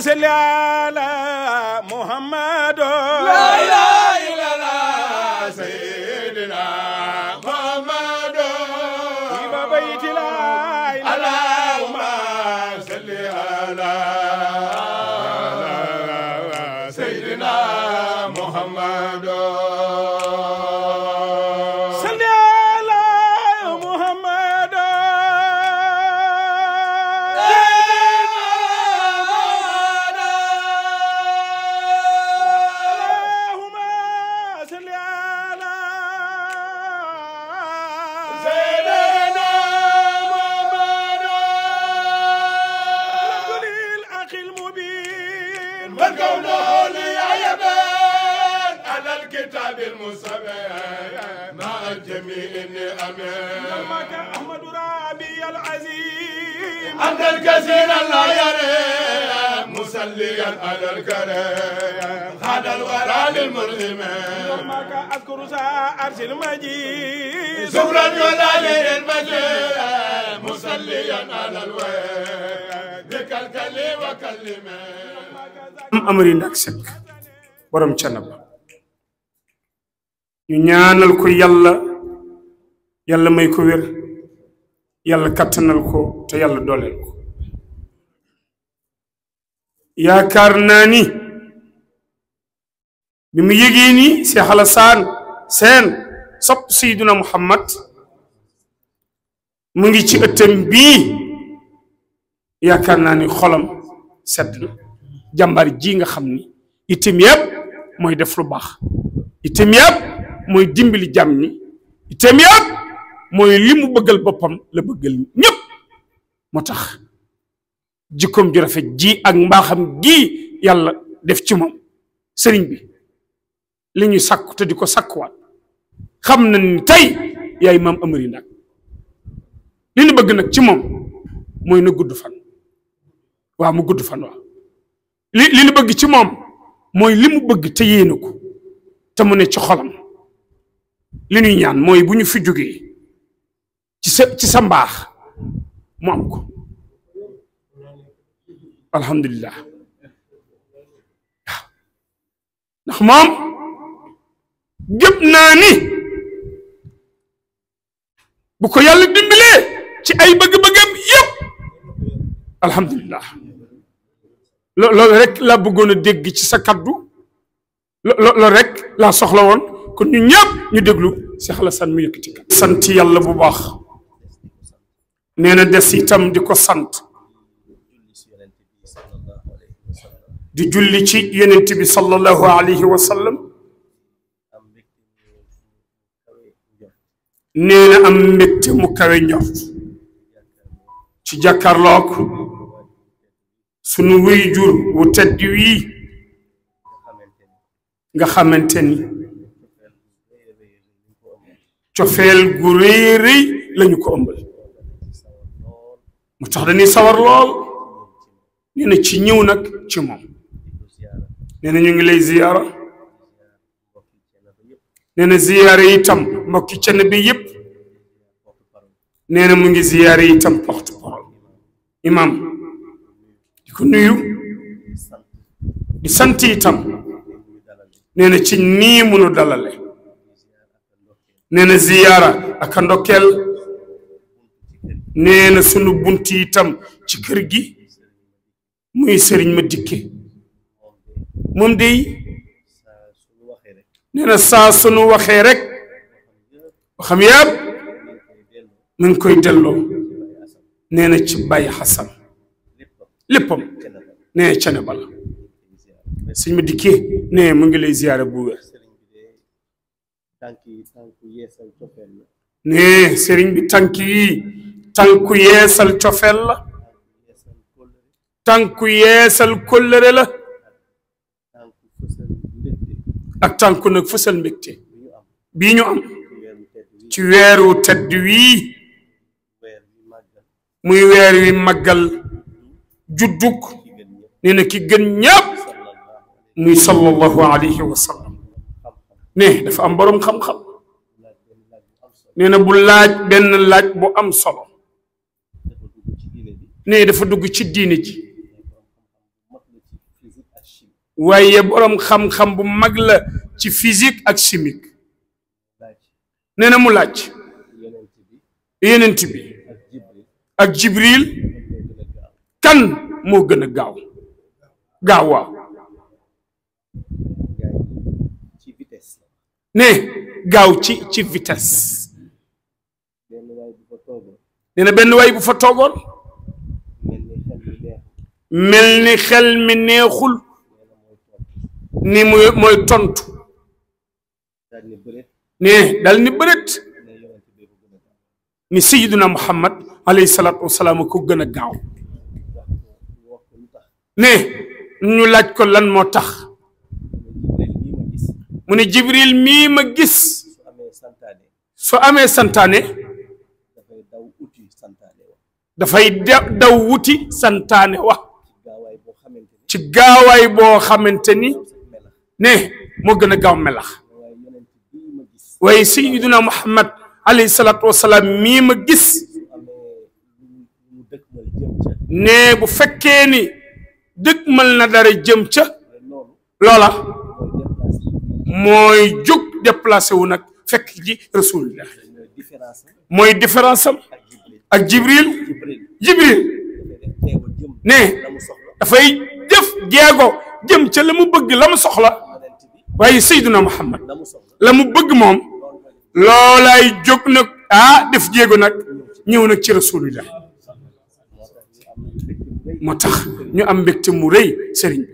صل على محمد لا اله الا الله سيدنا محمد طيب بيت لا اله اللهم صل على سيدنا محمد شكرا كثيرا لا يري مسليا على الكريم هذا الورى للمرهم يومك اذكر سارس المجيد شكرا يلالي المجيد مسليا على الويل بك الكلي وكلمه امري نكسك borom canaba ñu ñaanal ko yàlla yàlla may ko wér yàlla kattanal ko te yàlla dooleel ko yaakaar naa ni bi mu yëgee ni Seex Alasaan Seen sopp Seydina Muhammad mu ngi ci ëttam bii yaakaar naa ni xolam sedd na jàmbar ji nga xam ni itam yëpp mooy def lu baax itam yëpp mooy dimbali jàmm ni itam yëpp mooy li mu boppam la bëggal ñëpp moo tax jikkoom ju rafet ji ak mbaaxam gii yàlla def ci moom sëriñ bi li ñuy sàkku te di ko sàkkuwaat xam na ni tey yaay maam amari nag li ñu bëgg nag ci moom mooy na gudd fan waa mu gudd fan waaw li li ñu bëgg ci moom mooy li mu bëgg te yéene ko te mu ne ci xolam li ñuy ñaan mooy bu ñu fi jógee ci sa ci sa mbaax mu am ko alhamdulilah waaw ndax moom gëm naa ni bu ko yàlla dimbalee ci ay bëgg-bëggam yëpp alhamdulilah loolu rek laa bëggoon a dégg ci sa kaddu loolu rek laa soxla woon kon ñu ñëpp ñu déglu si xala san mu yëkkati sant yàlla bu baax nee na des itam di ko sant di julli ci yeneen bi sallallahu alayhi wa sallam am mbégte mu kawe njort ci jàkkaarloog sunu wuy jur wu tedd nga xamante ni cofeel gu lañu ko ëmbal mu tax dañuy sawar lool nee ci ñëw nag ci moom nee na ñu ngi lay ziyaara nee na mbokki cenn bi yëpp nee na mu ngi ziyaara itam porte parole imam di nuyu di sant itam nee na ci nii munu dalale nee na ziyaara ak a ndokkeel nee na sunu bunt itam ci kër muy sëriñ ma dikke moom day nee na saa sunu waxee rek waxam yëpp mu ngi koy delloo nee na ci Baye Xasan léppam nee na cane bala ma dikkee nee mu ngi lay ziyaara bu nee sëriñ bi tànk yi tànku yeesal cofeel la yeesal kóllëre la ak tànku nag fësal mbégte bii ñu am ci weeru tedd wii muy weer wi màggal juddug nee na ki gën ñëpp muy sallallahu alayhi wa ne dafa am boroom xam-xam nee na bu laaj benn laaj bu am solo ne dafa dugg ci diine ji waaye boroom xam-xam bu mag la ci physique ak simik nee na mu laaj yenent bi ak jibril kan moo gën a gaaw gaaw ne gaaw ci ci vitesse nee benn waay bu fa toogoon mel ni xel mi neexul ni muy mooy tontu ne dal ni bëreet ni sayyiduna muhammad alayhi salaatu wasalaam ko gën a gaaw ne ñu laaj ko lan moo tax mu ne jibril mii ma gis soo amee santaane dafay daw wuti santaane wax ci gaawaay boo xamante ni ne moo gën a gaaw melax waaye sayyiduna Muhammad alayhi salaatu wasalaam mii ma gis ne bu fekkee ni dëgmal na dara jëm ca loola mooy jóg déplacé wu nag fekk ji rasulillah mooy différence am ak Jibril Jibril ne dafay def jeego jëm ca la mu bëgg la mu soxla waaye Seydina Muhammad la mu bëgg moom loolaay jóg nag ah def jéego nag ñëw nag ci rasulillah moo tax ñu am mbégte mu rëy sëriñ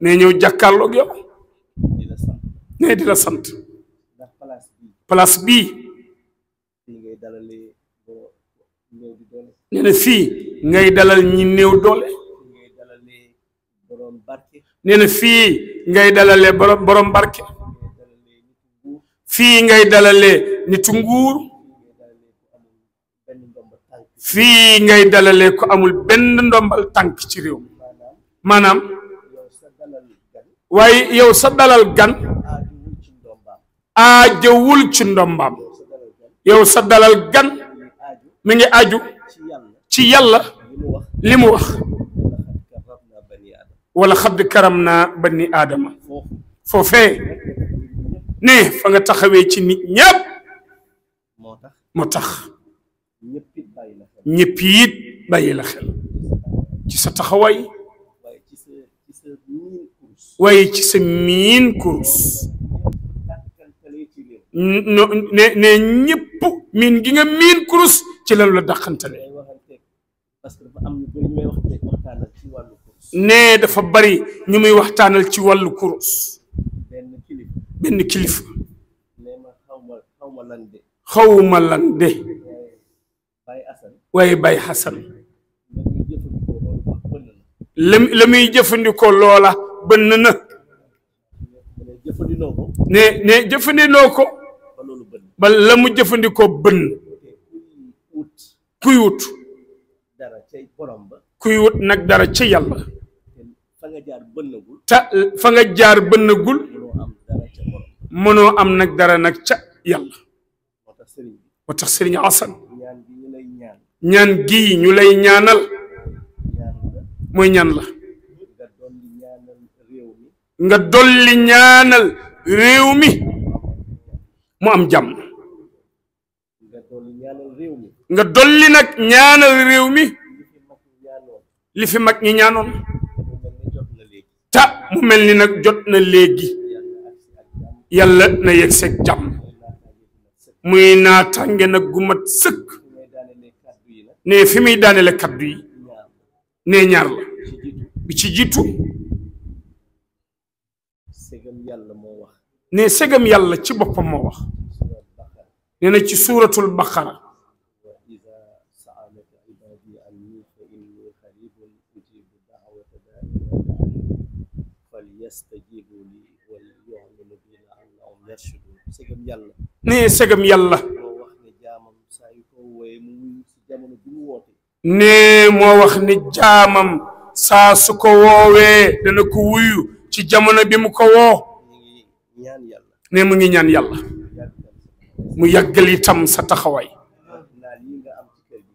bi ñëw jàkkaarloog yow ne di la sant place bii nee fii ngay dalal ñi néew doole nee fii ngay dalale borom borom barke fii ngay dalale nitu nguur fii ngay dalale ko amul benn ndombal tànk ci réew maanaam waaye yow sa dalal gan aajowul ci ndombam yow sa dalal gan mi ngi aju ci yalla li mu wax wala xadd karam naa bani aadama foofee ne fa nga taxawee ci nit ñëpp moo tax ñëpp bay bàyyi la xel ci sa taxawaay waaye ci sa miin kurus ne ne ñëpp miin gi nga miin kurus ci lalu la dàqantale nee dafa bari ñu muy waxtaanal ci wàllu kurus benn kilifa xawma lan de waaye Baye la muy jëfandikoo loola bënn na ne jëfandinoo ko ba la mu jëfandikoo bënn kuy wut kuy wut nag dara ci yàlla te fa nga jaar bënnagul mënoo am nag dara nag ca yàlla moo tax sëriñ Asan ñaan gii ñu lay ñaanal mooy ñaan la nga dolli ñaanal réew mi mu am jàmm nga dolli nag ñaanal réew mi li fi mag ñi ñaanoon ta mu mel ni nag jot na léegi yàlla na yegg seeg jàmm muy naataange nag gu mat sëkk ne fi muy daaneele kaddu yi ne ñaar la bi ci jiitu ne segam yàlla ci boppam moo wax nee na ci suuratul baqara yastajibu li wal yu'minu bi la'allahum segam yàlla wax ne jaamam saa ko wooyee mu bi mu moo wax ne jaamam saa su ko woowee dana ko wuyu ci jamono bi mu ko woo ñaan yàlla nee mu ngi ñaan yàlla mu yàggal sa taxawaay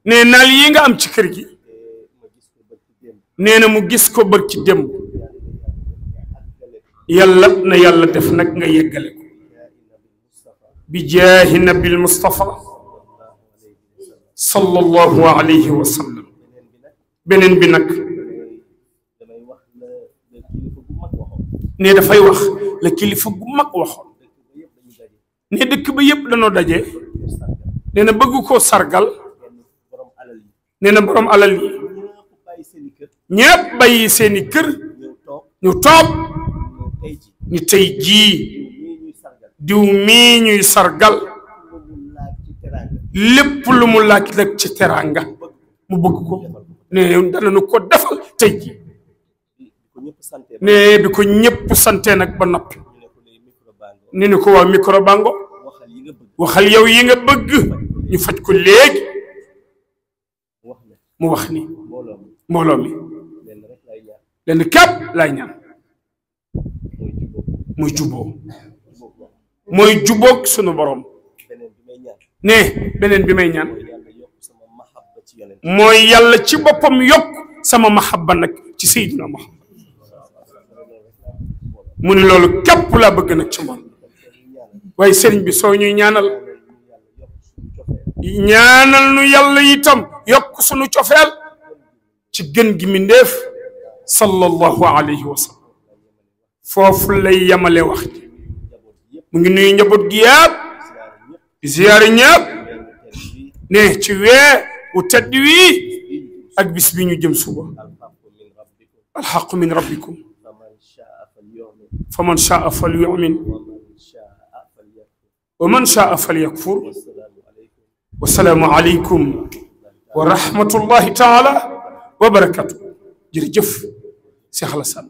nee naal yi nga am ci kër gi nee mu gis ko bër ci démb yàlla na yàlla def nag nga yeggale ko bi jaahi nabil Mustafa sallallahu alayhi wa sallam beneen bi nag ne dafay wax la kilifa gu mag waxoon ne dëkk ba yëpp danoo daje nee na bëgg koo sargal nee na borom alal yi ñëpp bàyyi seeni kër ñu toog. ni tey jii diw mii ñuy sargal lépp lu mu laaj rek ci teraanga mu bëgg ko ne danañu ko defal tey jii ne bi ko ñëpp sante nag ba noppi ne ni ko waa micro bango waxal yow yi nga bëgg ñu faj ko léegi mu wax ni mbooloo mi lenn képp laay ñaan muy juboo mooy jubboog sunu borom ne beneen bi may ñaan mooy yàlla ci boppam yokk sama mahabba nag ci Seydina Muhammad mu ne loolu képp laa bëgg nag ci moom waaye sëriñ bi soo ñuy ñaanal ñaanal nu yàlla itam yokk sunu cofeel ci gën gi mi ndéef sallallahu wa sallam foofu lay yamale wax ji mu ngi nuyu njaboot gi yëpp di ne ci weer wu tedd wii bi ñu jëm suba alxaqu min rabbikum fa man shaa fal yumin wa man shaa fal yakfur wasalaamu aleykum wa rahmatullahi taala wa barakatu jërëjëf Cheikh Alassane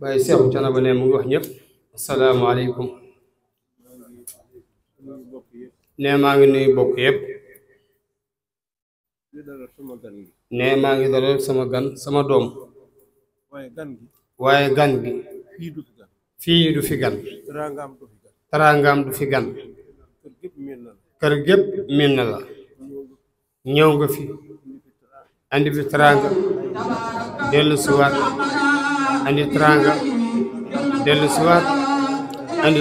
bàyyi seexu canaba mu ngi wax ñëpp asalaamaaleykum ne maa ngi nuyu bokk yëpp ne maa ngi dalal sama gan sama doom waaye gan gi fii du fi gan taraangaam du fi gan kër gépp miin la ñëw nga fi andi fi taraanga dellu si waat andi teraanga dellu siwaat andi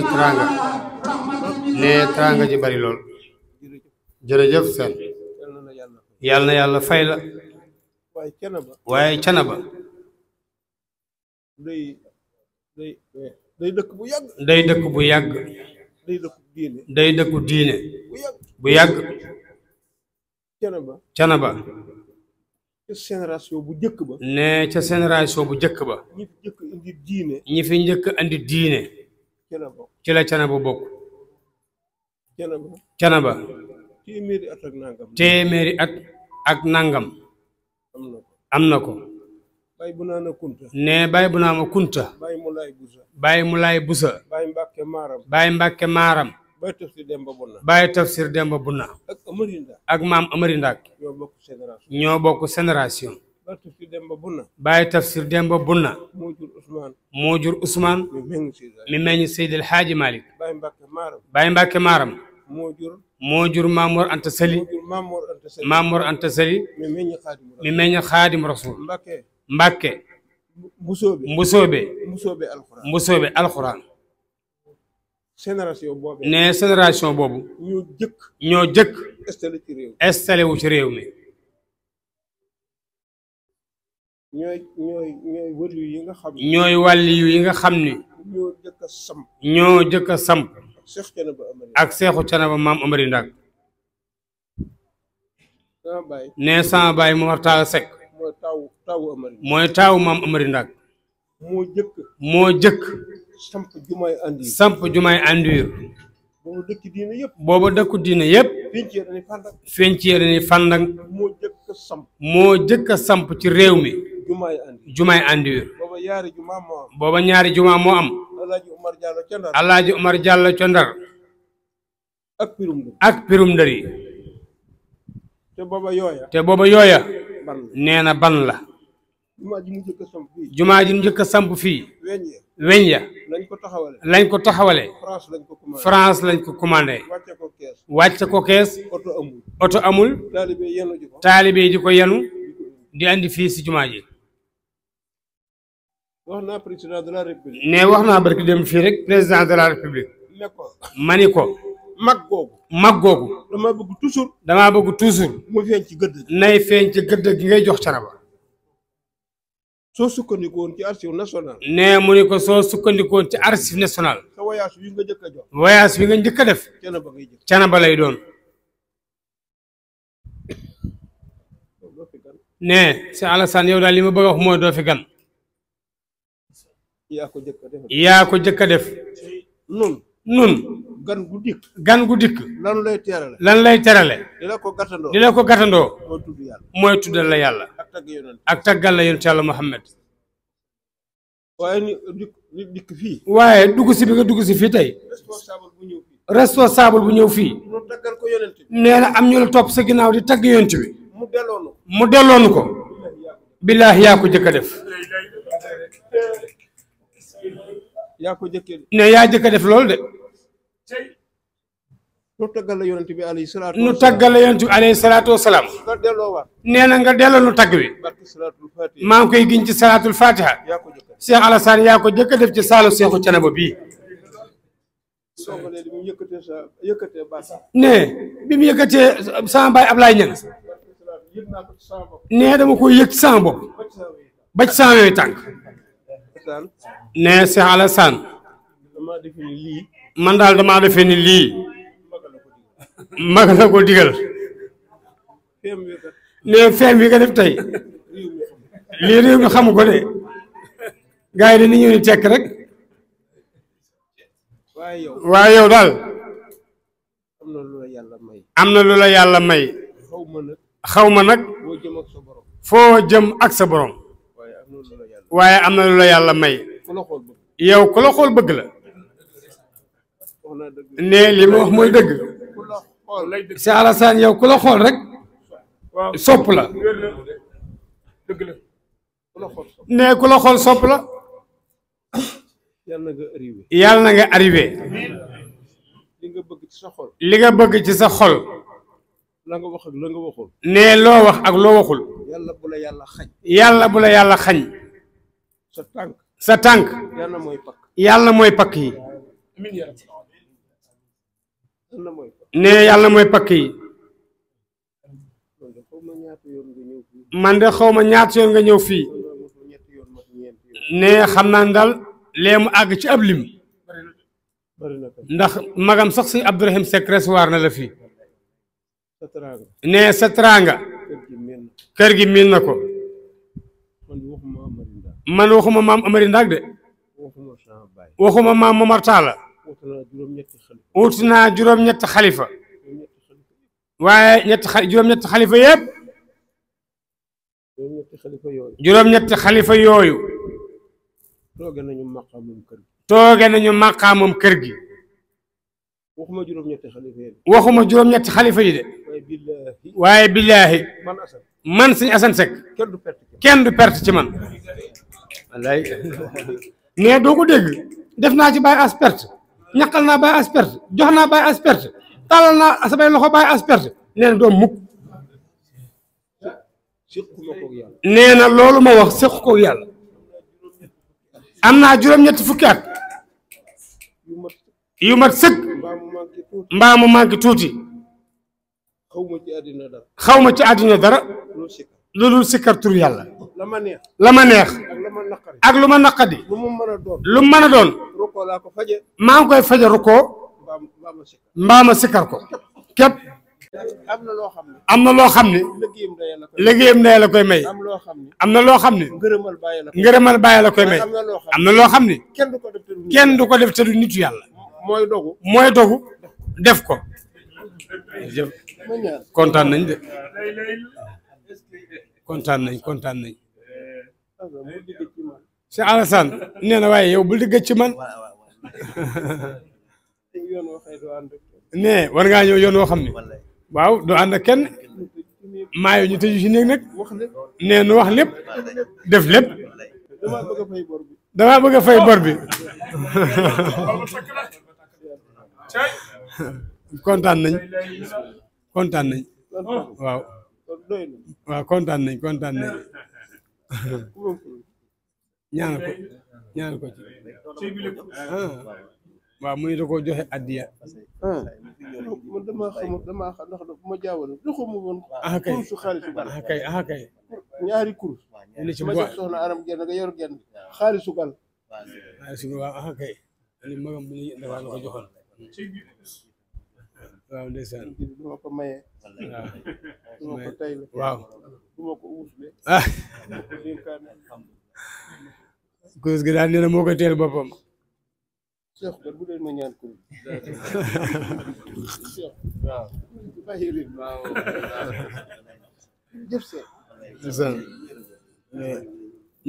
ne teraanga ji bari lool jërëjëf seen yàlla na yàlla fay la waaye canaba day dëkk bu day dëkk bu yàgg day dëkku diine canaba génération bu njëkk ba. ca génération bu njëkk ba. ñi fi njëkk indi diine. ñi fi njëkk indi diine. ci bokk. cana ba. téeméeri ak nangam. téeméeri at am na ko. bay bu naa na kunta. bay bu busa. bay mu laay Baye Tafsir Demba Bunna. Baye Tafsir Demba Bunna. ak Amary Ndak. ak ñoo bokk génération. ñoo bokk génération. Baye Tafsir Demba Bunna. Baye Tafsir Demba Bunna. moo jur Ousmane. moo jur Ousmane. mi meññ Seydil Hadji Malick. Baye Mbacke Maram. Baye Mbacke Maram. moo jur. moo Anta Sali. mi meññ Xaadim Rasul. mi meññ Xaadim Rasul. génération boobu. ne génération boobu. ñoo jëkk. ñoo jëkk. installé ci réew mi wu ci réew mi. ñooy ñooy ñooy yi nga xam. ñooy wàllu yi nga xam ni. ñoo jëkk a samp. ñoo jëkk a samp. ak seexu canaba ne sama baay Momar Talla Seck. mooy taawu taawu Amari. mooy taawu maam Amari moo jëkk. moo jëkk. samp jumaay andiir samp jumaay andiir boobu dëkku ni fàndak moo jëkk samp ci réew mi jumaay andiir jumaay andiir booba ñaari jumaa moo am booba Umar Diallo ca ak pirum ndëri te booba yooya nee na ban la jumaa ji mu njëkk samp fii samp fii weñ ya lañ ko taxawalee. lañ ko taxawalee. France lañ ko commandé France lañ ko commandé. wàcce ko kees. wàcce ko kees. oto amul oto amul. taalibe yenu ji ko. taalibe di ko yenu di andi fii si jumaa ji. wax naa président de la wax naa barki dem fii rek président de la république. ne ko ma ni ko. mag googu. mag googu. damaa bëgg toujours. damaa bëgg toujours. mu feeñ ci gëdd. nay feeñ ci gëdd gi ngay jox caraba. soo sukkandikoon ci archive national. nee mu ko soo sukkandikoon ci archive national. sa wi bi nga njëkk a jox. voyage bi nga njëkk a def. canaba ngay jël canaba lay doon. nee si Alassane yow daal li ma bëgg a mooy doo fi gan. yaa a def. nun gan gu dikk. gan gu dikk. lan lay terale. lan lay terale. di la ko gàttandoo. di la ko gàttandoo. mooy tudd yàlla. mooy tuddal ak tagg yonent. ak taggal la yàlla Muhammad. waaye ni fii. waaye dugg si bi nga dugg si fii tey. responsable bu ñëw fii. responsable bu ñëw fii. ñu ko yonent bi. am ñu la topp si ginnaaw di tagg yonent bi. mu delloonu ko. mu delloonu ko. yaa ko jëkk a def. yaa ko jëkk yaa jëkk a def lool de. nu tàggal la yonent bi alayhi salaatu nu tàggal la yonent bi nga delloo waat nee na delloo nu tagg wi. maa ngi koy giñ ci salaatul fatiha. yaa ko jëkk jëkk def ci saalu Seexu Canaba bii. ne bi mu yëkkatee sama baay Ablaye Ñang ne dama ko yëg ci ba ci sama yooyu tànk ne Cheikh Alassane man daal damaa defee ni lii mag na ko digal nee feem bi nga def tey lii réew mi xamu ko de gars yi dañu ñëw ni tekk rek waaye yow daal am na lu la yàlla may xaw ma nag foo jëm ak sa borom waaye am na lu la yàlla may yow ku la xool bëgg la ne li mu wax mooy dëgg si Alassane yow ku la xool rek sopp la ne ku la xool sopp la yàlla na nga arrivé li nga bëgg ci sa xol li nga bëgg ci sa xol la nga wax la nga waxul ne loo wax ak loo waxul yàlla bu la yàlla xañ yàlla bu yàlla xañ sa tànk sa tànk yàlla na pakk mooy pakk yi ne yàlla mooy pakk yi man de xaw ma ñaata yoon nga ñëw fii ne xam naa daal lee mu àgg ci ab lim ndax magam sax si Abdourahim Seck recevoir na la fii ne sa kër gi miin na ko man waxuma maam Amari Ndaak de waxuma maam Momar Talla ut naa juróom-ñett xalifa waaye juróom-ñett xalifa yëpp juróom-ñett xalifa yooyu tooge nañu maqaamum kër gi kër gi waxuma juróom-ñetti xalifa yi de ñetti xalifa yi de waaye billaahi man sëñ Assane kenn du perte ci man wallaay doo ko dégg def naa ci bàyyi as perte ñaqal naa bàyyi asperte jox naa bàyyi asperte taalal naa samay loxo bàyyi asperte nee doon doom mukk nee na loolu ma wax séqu koog yàlla am naa juróom-ñetti fukki at yu mat sëkk mbaa manqué tuuti xaw ma ci àddina dara lu dul sikkar tur yàlla la ma neex ak lu ma naqadi lu mu mën a doon maa ngi koy faje rukkoo mbaama sikkar ko képp am na loo xam ne am na loo xam ne liggéeyam ndey la koy may am na loo xam ne ngërëmal bàyyi la koy may am na loo xam ne kenn du ko def te du nitu yàlla mooy dogu mooy dogu def ko kontaan nañ de kontaan nañ kontaan nañ Cheikh Alassane nee waaye yow bul digg ci man ne war ngaa yoon woo xam ne waaw du ànd ak kenn maayo ñu tëju si néeg nag ne nu wax lépp def lépp damaa bëgg a fay bor bi kontaan nañ kontaan nañ waaw kontaan nañ kontaan nañ ñaan ko ñaan ko ci Ah. Ah. waaw mu ne da koo joxe addiya. Ah. man damaa a damaa xam ndax ma jaawale doxuma woon. ah kay kursu xaalisu gal. ah kay ah kay. ñaari kurus. li ci bu Aram genn nga genn xaalisu gal. xaalisu gal waaw ah kay. li magam bi ñu dafa la ko ko maye. waaw duma kurus gi daal nee na moo ko teel boppam.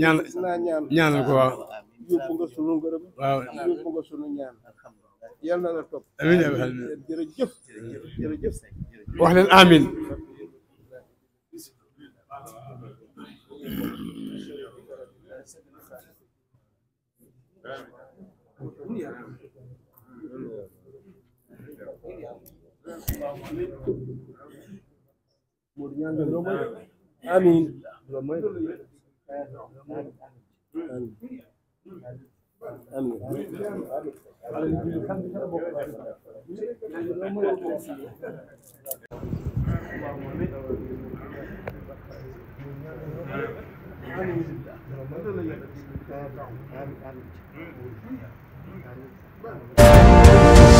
ñaan ñaanal ko waaw. yóbbu nga sunu ngërëm. waaw ñaan. yal amiin amiin and and and